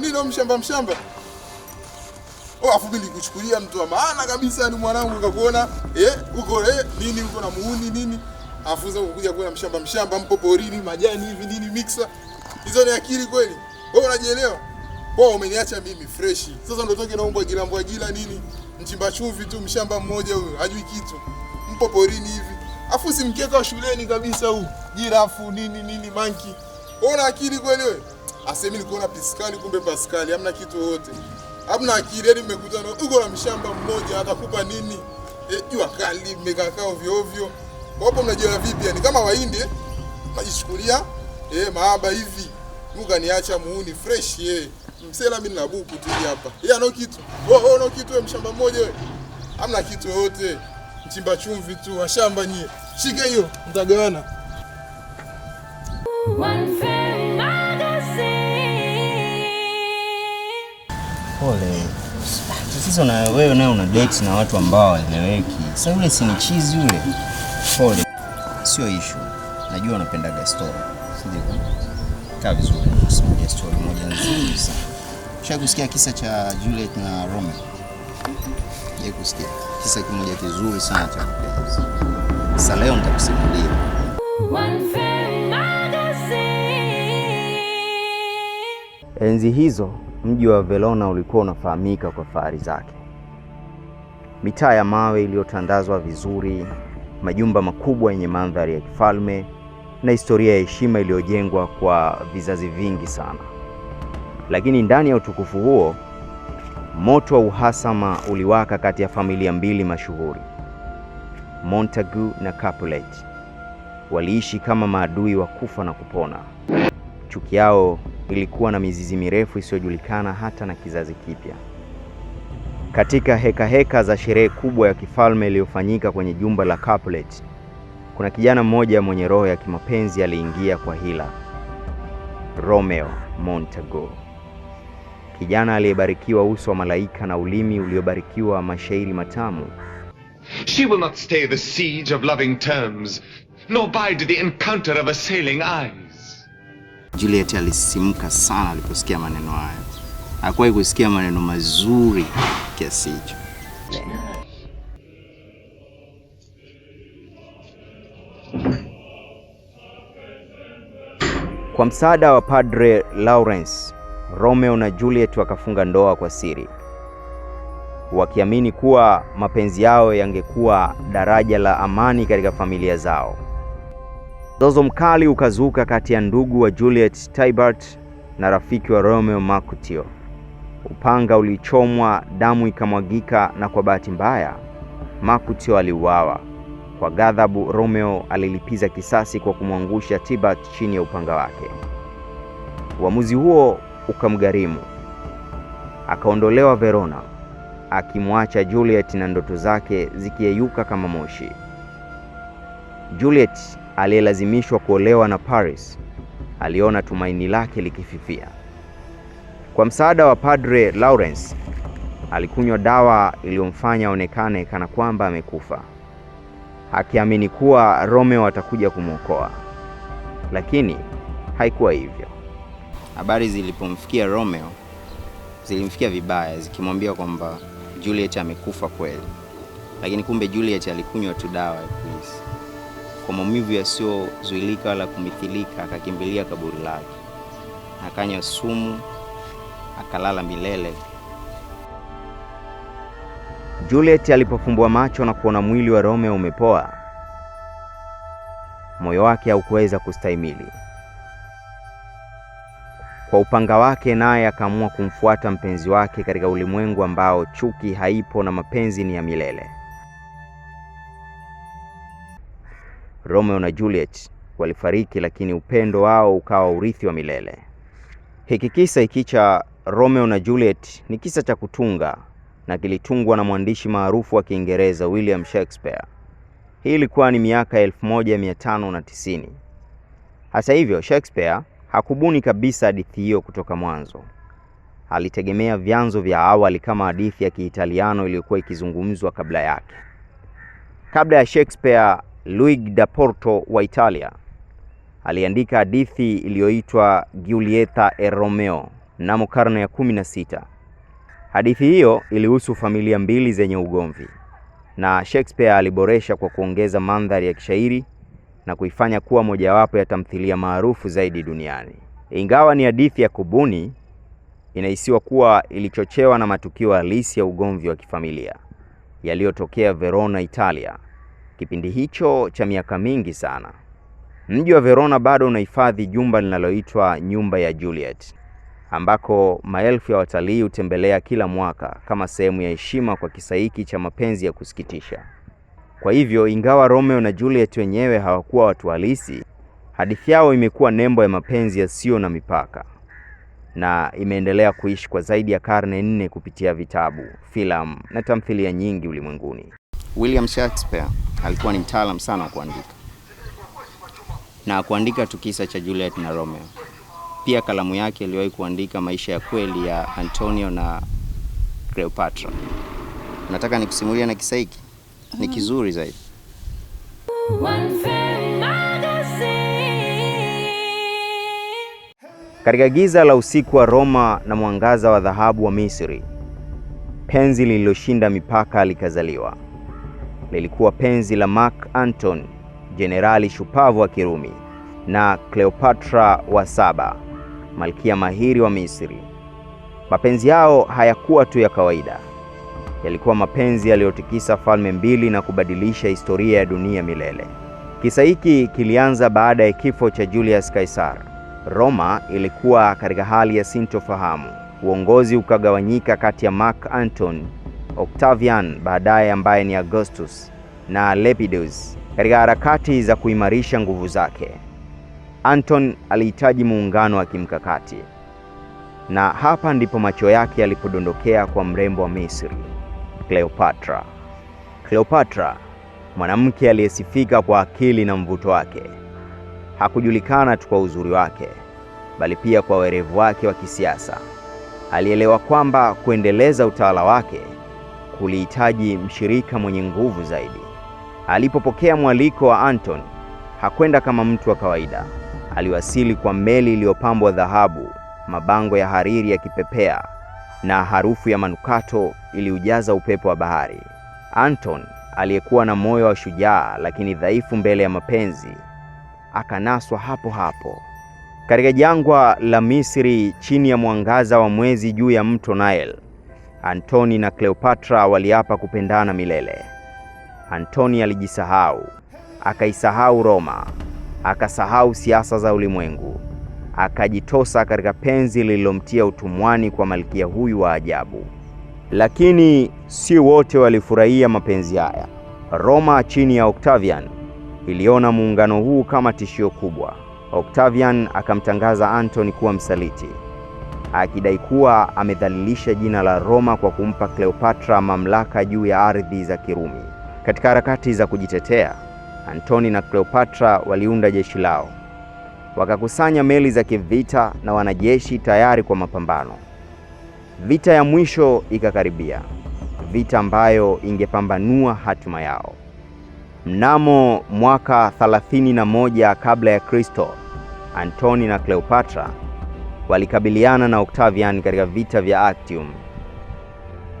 kuna nini mshamba mshamba? Oh, afu mimi nikuchukulia mtu wa maana kabisa, ni mwanangu kakuona, eh uko eh nini uko na muuni nini? Afu sasa ukuja kuona mshamba mshamba mpo porini majani hivi nini mixer. Hizo ni akili kweli? Wewe unajielewa? Wewe oh, umeniacha mimi fresh. Sasa ndo toke naomba gilambwa gila nini? Mchimba chumvi tu mshamba mmoja huyo, hajui kitu. Mpo porini hivi. Afu simkeka shuleni kabisa huu. Jirafu nini nini manki. Wewe una akili kweli wewe? Asemi nilikuona piskali kumbe paskali hamna kitu yote. Hamna akili yani mmekuta na uko na mshamba mmoja atakupa nini? E, jua kali mmekaa ovyo ovyo. Wapo mnajua vipi yani kama Wahindi majishukulia eh maaba hivi. Muka niacha muuni fresh ye. Msela mimi na buku tu hapa. Yeye ana kitu. Oh oh no kitu wewe mshamba mmoja wewe. Hamna kitu yote. Mchimba chumvi tu washamba nyie. Shika hiyo mtagawana. One pole. Tatizo na wewe naye una date na watu ambao waeleweki. Sasa yule si ni chizi yule. Pole. Sio issue. Najua unapenda story. Sije kaa vizuri usimulie story moja nzuri sana. Shaka kusikia kisa cha Juliet na Romeo? Je, kusikia kisa kimoja kizuri sana cha kupenda. Sasa leo nitakusimulia. Enzi hizo Mji wa Verona ulikuwa unafahamika kwa fahari zake, mitaa ya mawe iliyotandazwa vizuri, majumba makubwa yenye mandhari ya kifalme na historia ya heshima iliyojengwa kwa vizazi vingi sana. Lakini ndani ya utukufu huo, moto wa uhasama uliwaka kati ya familia mbili mashuhuri, Montagu na Capulet. Waliishi kama maadui wa kufa na kupona. Chuki yao ilikuwa na mizizi mirefu isiyojulikana hata na kizazi kipya. Katika heka heka za sherehe kubwa ya kifalme iliyofanyika kwenye jumba la Capulet, kuna kijana mmoja mwenye roho ya kimapenzi aliingia kwa hila. Romeo Montagu, kijana aliyebarikiwa uso wa malaika na ulimi uliobarikiwa mashairi matamu. She will not stay the siege of loving terms nor bide the encounter of assailing eyes Juliet alisimka sana aliposikia maneno hayo. Hakuwahi kusikia maneno mazuri kiasi hicho. Kwa msaada wa Padre Lawrence, Romeo na Juliet wakafunga ndoa kwa siri, wakiamini kuwa mapenzi yao yangekuwa daraja la amani katika familia zao. Mzozo mkali ukazuka kati ya ndugu wa Juliet Tibert na rafiki wa Romeo Mercutio. Upanga ulichomwa, damu ikamwagika, na kwa bahati mbaya Mercutio aliuawa. Kwa ghadhabu, Romeo alilipiza kisasi kwa kumwangusha Tibert chini ya upanga wake. Uamuzi huo ukamgharimu, akaondolewa Verona, akimwacha Juliet na ndoto zake zikiyeyuka kama moshi. Juliet aliyelazimishwa kuolewa na Paris aliona tumaini lake likififia. Kwa msaada wa Padre Lawrence alikunywa dawa iliyomfanya aonekane kana kwamba amekufa, akiamini kuwa Romeo atakuja kumwokoa, lakini haikuwa hivyo. Habari zilipomfikia Romeo zilimfikia vibaya, zikimwambia kwamba Juliet amekufa kweli, lakini kumbe Juliet alikunywa tu dawa ya polisi. Kwa maumivu yasiyozuilika wala kumithilika, akakimbilia kaburi lake, akanywa sumu, akalala milele. Juliet alipofumbua macho na kuona mwili wa Romeo umepoa, moyo wake haukuweza kustahimili. Kwa upanga wake naye akaamua kumfuata mpenzi wake katika ulimwengu ambao chuki haipo na mapenzi ni ya milele. Romeo na Juliet walifariki, lakini upendo wao ukawa urithi wa milele. Hiki kisa hiki cha Romeo na Juliet ni kisa cha kutunga na kilitungwa na mwandishi maarufu wa Kiingereza William Shakespeare. Hii ilikuwa ni miaka 1590. Hata hivyo, Shakespeare hakubuni kabisa hadithi hiyo kutoka mwanzo. Alitegemea vyanzo vya awali kama hadithi ya Kiitaliano iliyokuwa ikizungumzwa kabla yake. Kabla ya Shakespeare Luigi da Porto wa Italia aliandika hadithi iliyoitwa Giulietta e Romeo mnamo karne ya kumi na sita. Hadithi hiyo ilihusu familia mbili zenye ugomvi na Shakespeare aliboresha kwa kuongeza mandhari ya kishairi na kuifanya kuwa mojawapo ya tamthilia maarufu zaidi duniani. Ingawa ni hadithi ya kubuni, inahisiwa kuwa ilichochewa na matukio halisi ya ugomvi wa kifamilia yaliyotokea Verona, Italia kipindi hicho cha miaka mingi sana. Mji wa Verona bado unahifadhi jumba linaloitwa nyumba ya Juliet, ambako maelfu ya watalii hutembelea kila mwaka kama sehemu ya heshima kwa kisa hiki cha mapenzi ya kusikitisha. Kwa hivyo, ingawa Romeo na Juliet wenyewe hawakuwa watu halisi, hadithi yao imekuwa nembo ya mapenzi yasiyo na mipaka na imeendelea kuishi kwa zaidi ya karne nne kupitia vitabu, filamu na tamthilia nyingi ulimwenguni. William Shakespeare alikuwa ni mtaalamu sana wa kuandika na kuandika tu kisa cha Juliet na Romeo. Pia kalamu yake iliwahi kuandika maisha ya kweli ya Antonio na Cleopatra. Nataka nikusimulia na kisa hiki, ni mm-hmm. kizuri zaidi. Katika giza la usiku wa Roma na mwangaza wa dhahabu wa Misri, penzi lililoshinda mipaka likazaliwa lilikuwa penzi la Mark anton jenerali shupavu wa Kirumi, na Cleopatra wa saba, malkia mahiri wa Misri. Mapenzi yao hayakuwa tu ya kawaida, yalikuwa mapenzi yaliyotikisa falme mbili na kubadilisha historia ya dunia milele. Kisa hiki kilianza baada ya kifo cha Julius Caesar. Roma ilikuwa katika hali ya sintofahamu. Uongozi ukagawanyika kati ya Mark anton Octavian baadaye ambaye ni Augustus na Lepidus katika harakati za kuimarisha nguvu zake. Anton alihitaji muungano wa kimkakati, na hapa ndipo macho yake yalipodondokea kwa mrembo wa Misri, Cleopatra. Cleopatra, mwanamke aliyesifika kwa akili na mvuto wake, hakujulikana tu kwa uzuri wake, bali pia kwa werevu wake wa kisiasa. Alielewa kwamba kuendeleza utawala wake kulihitaji mshirika mwenye nguvu zaidi. Alipopokea mwaliko wa Anton, hakwenda kama mtu wa kawaida. Aliwasili kwa meli iliyopambwa dhahabu, mabango ya hariri yakipepea na harufu ya manukato iliujaza upepo wa bahari. Anton aliyekuwa na moyo wa shujaa lakini dhaifu mbele ya mapenzi akanaswa hapo hapo. Katika jangwa la Misri chini ya mwangaza wa mwezi juu ya mto Nile, Antoni na Kleopatra waliapa kupendana milele. Antoni alijisahau, akaisahau Roma, akasahau siasa za ulimwengu, akajitosa katika penzi lililomtia utumwani kwa malkia huyu wa ajabu. Lakini si wote walifurahia mapenzi haya. Roma chini ya Octavian iliona muungano huu kama tishio kubwa. Octavian akamtangaza Antoni kuwa msaliti akidai kuwa amedhalilisha jina la Roma kwa kumpa Kleopatra mamlaka juu ya ardhi za Kirumi. Katika harakati za kujitetea, Antoni na Kleopatra waliunda jeshi lao, wakakusanya meli za kivita na wanajeshi tayari kwa mapambano. Vita ya mwisho ikakaribia, vita ambayo ingepambanua hatima yao. Mnamo mwaka 31 kabla ya Kristo, Antoni na Kleopatra walikabiliana na Octavian katika vita vya Actium.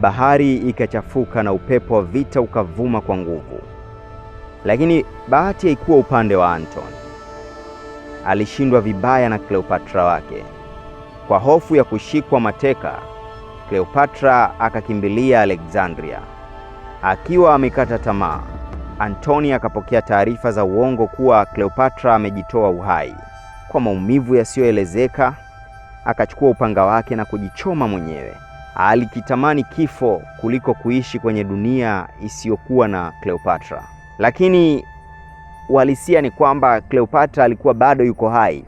Bahari ikachafuka na upepo wa vita ukavuma kwa nguvu, lakini bahati haikuwa upande wa Anton. Alishindwa vibaya na Cleopatra wake. Kwa hofu ya kushikwa mateka, Cleopatra akakimbilia Alexandria. Akiwa amekata tamaa, Antoni akapokea taarifa za uongo kuwa Cleopatra amejitoa uhai. Kwa maumivu yasiyoelezeka akachukua upanga wake na kujichoma mwenyewe. Alikitamani kifo kuliko kuishi kwenye dunia isiyokuwa na Cleopatra, lakini uhalisia ni kwamba Cleopatra alikuwa bado yuko hai.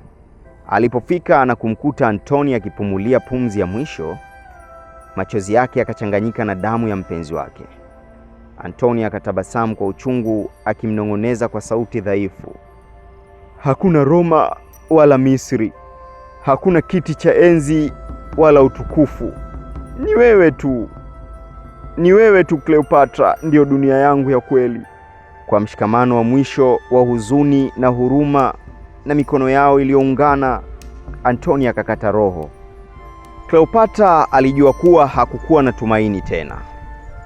Alipofika na kumkuta Antoni akipumulia pumzi ya mwisho, machozi yake yakachanganyika na damu ya mpenzi wake. Antoni akatabasamu kwa uchungu, akimnong'oneza kwa sauti dhaifu, hakuna Roma wala Misri hakuna kiti cha enzi wala utukufu, ni wewe tu, ni wewe tu Cleopatra, ndiyo dunia yangu ya kweli. Kwa mshikamano wa mwisho wa huzuni na huruma na mikono yao iliyoungana, Antoni akakata roho. Cleopatra alijua kuwa hakukuwa na tumaini tena.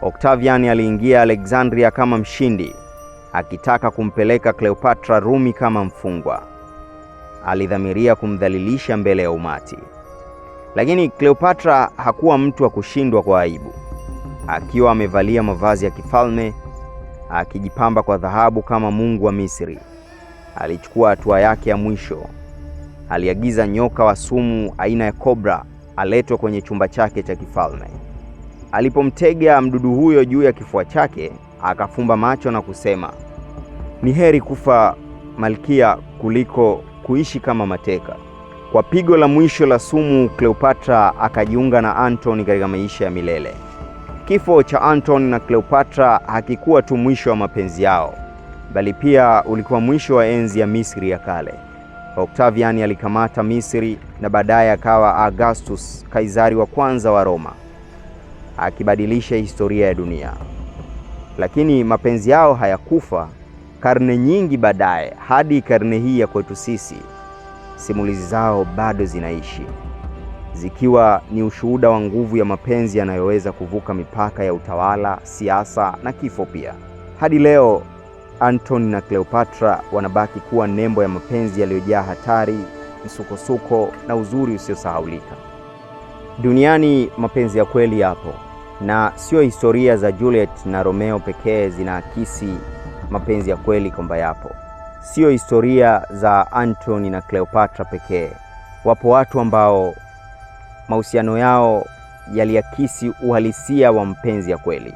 Octavian aliingia Alexandria kama mshindi, akitaka kumpeleka Cleopatra Rumi kama mfungwa alidhamiria kumdhalilisha mbele ya umati. Lakini Cleopatra hakuwa mtu wa kushindwa kwa aibu. Akiwa amevalia mavazi ya kifalme, akijipamba kwa dhahabu kama mungu wa Misri, alichukua hatua yake ya mwisho. Aliagiza nyoka wa sumu aina ya kobra aletwe kwenye chumba chake cha kifalme. Alipomtega mdudu huyo juu ya kifua chake, akafumba macho na kusema, ni heri kufa malkia kuliko kuishi kama mateka. Kwa pigo la mwisho la sumu, Cleopatra akajiunga na Antony katika maisha ya milele. Kifo cha Antony na Cleopatra hakikuwa tu mwisho wa mapenzi yao, bali pia ulikuwa mwisho wa enzi ya Misri ya kale. Octavian alikamata Misri na baadaye akawa Augustus, Kaisari wa kwanza wa Roma, akibadilisha historia ya dunia. Lakini mapenzi yao hayakufa, karne nyingi baadaye hadi karne hii ya kwetu sisi, simulizi zao bado zinaishi zikiwa ni ushuhuda wa nguvu ya mapenzi yanayoweza kuvuka mipaka ya utawala, siasa na kifo pia. Hadi leo antoni na Cleopatra wanabaki kuwa nembo ya mapenzi yaliyojaa hatari, msukosuko na uzuri usiosahaulika. Duniani mapenzi ya kweli yapo, na sio historia za Juliet na Romeo pekee zinaakisi mapenzi ya kweli kwamba yapo. Sio historia za Antony na Cleopatra pekee. Wapo watu ambao mahusiano yao yaliakisi uhalisia wa mpenzi ya kweli.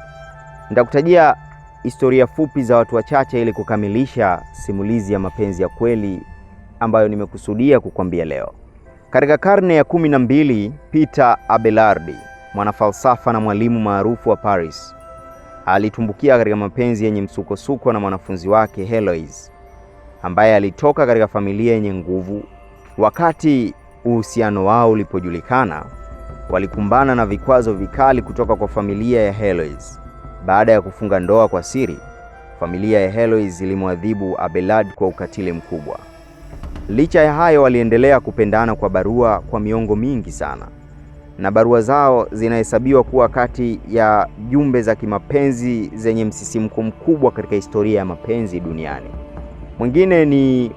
Nitakutajia historia fupi za watu wachache ili kukamilisha simulizi ya mapenzi ya kweli ambayo nimekusudia kukwambia leo. Katika karne ya kumi na mbili, Peter Abelardi, mwanafalsafa na mwalimu maarufu wa Paris, alitumbukia katika mapenzi yenye msukosuko na mwanafunzi wake Heloise ambaye alitoka katika familia yenye nguvu. Wakati uhusiano wao ulipojulikana, walikumbana na vikwazo vikali kutoka kwa familia ya Heloise. Baada ya kufunga ndoa kwa siri, familia ya Heloise ilimwadhibu Abelard kwa ukatili mkubwa. Licha ya hayo, waliendelea kupendana kwa barua kwa miongo mingi sana na barua zao zinahesabiwa kuwa kati ya jumbe za kimapenzi zenye msisimko mkubwa katika historia ya mapenzi duniani. Mwingine ni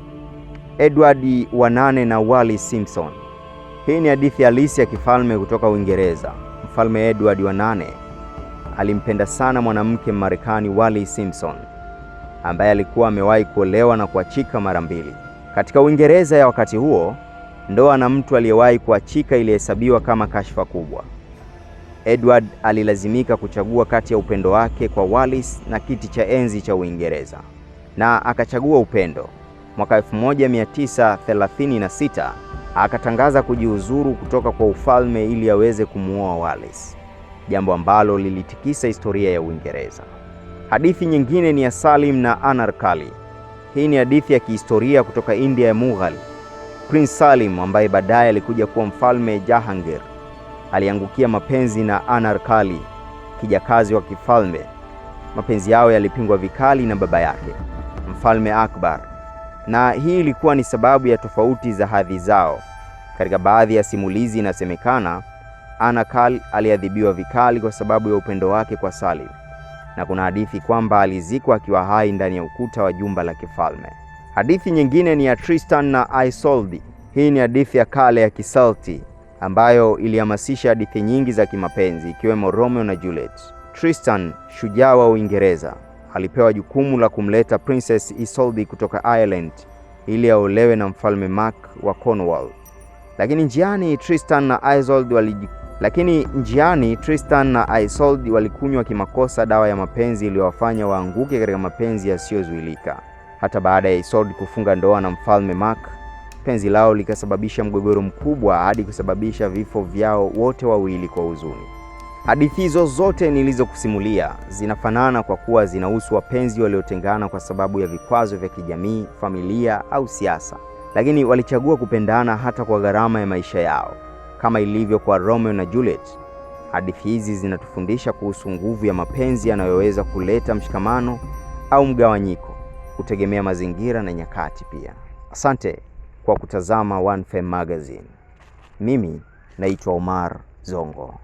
Edward wa nane na Wally Simpson. Hii ni hadithi halisi ya kifalme kutoka Uingereza. Mfalme Edward wa nane alimpenda sana mwanamke Mmarekani Wally Simpson ambaye alikuwa amewahi kuolewa na kuachika mara mbili katika Uingereza ya wakati huo. Ndoa na mtu aliyewahi kuachika ilihesabiwa kama kashfa kubwa. Edward alilazimika kuchagua kati ya upendo wake kwa Wallis na kiti cha enzi cha Uingereza, na akachagua upendo. Mwaka 1936 akatangaza kujiuzuru kutoka kwa ufalme ili aweze kumwoa Wallis, jambo ambalo lilitikisa historia ya Uingereza. Hadithi nyingine ni ya Salim na Anarkali. Hii ni hadithi ya kihistoria kutoka India ya Mughal Prince Salim ambaye baadaye alikuja kuwa mfalme Jahangir aliangukia mapenzi na Anarkali, kijakazi wa kifalme. Mapenzi yao yalipingwa vikali na baba yake Mfalme Akbar, na hii ilikuwa ni sababu ya tofauti za hadhi zao. Katika baadhi ya simulizi inasemekana kali aliadhibiwa vikali kwa sababu ya upendo wake kwa Salim, na kuna hadithi kwamba alizikwa akiwa hai ndani ya ukuta wa jumba la kifalme. Hadithi nyingine ni ya Tristan na Isolde. Hii ni hadithi ya kale ya kisalti ambayo ilihamasisha hadithi nyingi za kimapenzi ikiwemo Romeo na Juliet. Tristan, shujaa wa Uingereza, alipewa jukumu la kumleta Princess Isolde kutoka Ireland ili aolewe na mfalme Mark wa Cornwall. Lakini njiani Tristan na Isolde wali lakini njiani Tristan na Isolde walikunywa kimakosa dawa ya mapenzi iliyowafanya waanguke katika mapenzi yasiyozuilika. Hata baada ya Isolde kufunga ndoa na mfalme Mark, penzi lao likasababisha mgogoro mkubwa hadi kusababisha vifo vyao wote wawili kwa huzuni. Hadithi hizo zote nilizokusimulia zinafanana kwa kuwa zinahusu wapenzi waliotengana kwa sababu ya vikwazo vya kijamii, familia au siasa, lakini walichagua kupendana hata kwa gharama ya maisha yao. Kama ilivyo kwa Romeo na Juliet, hadithi hizi zinatufundisha kuhusu nguvu ya mapenzi yanayoweza kuleta mshikamano au mgawanyiko kutegemea mazingira na nyakati pia. Asante kwa kutazama One Fame Magazine. Mimi naitwa Omar Zongo.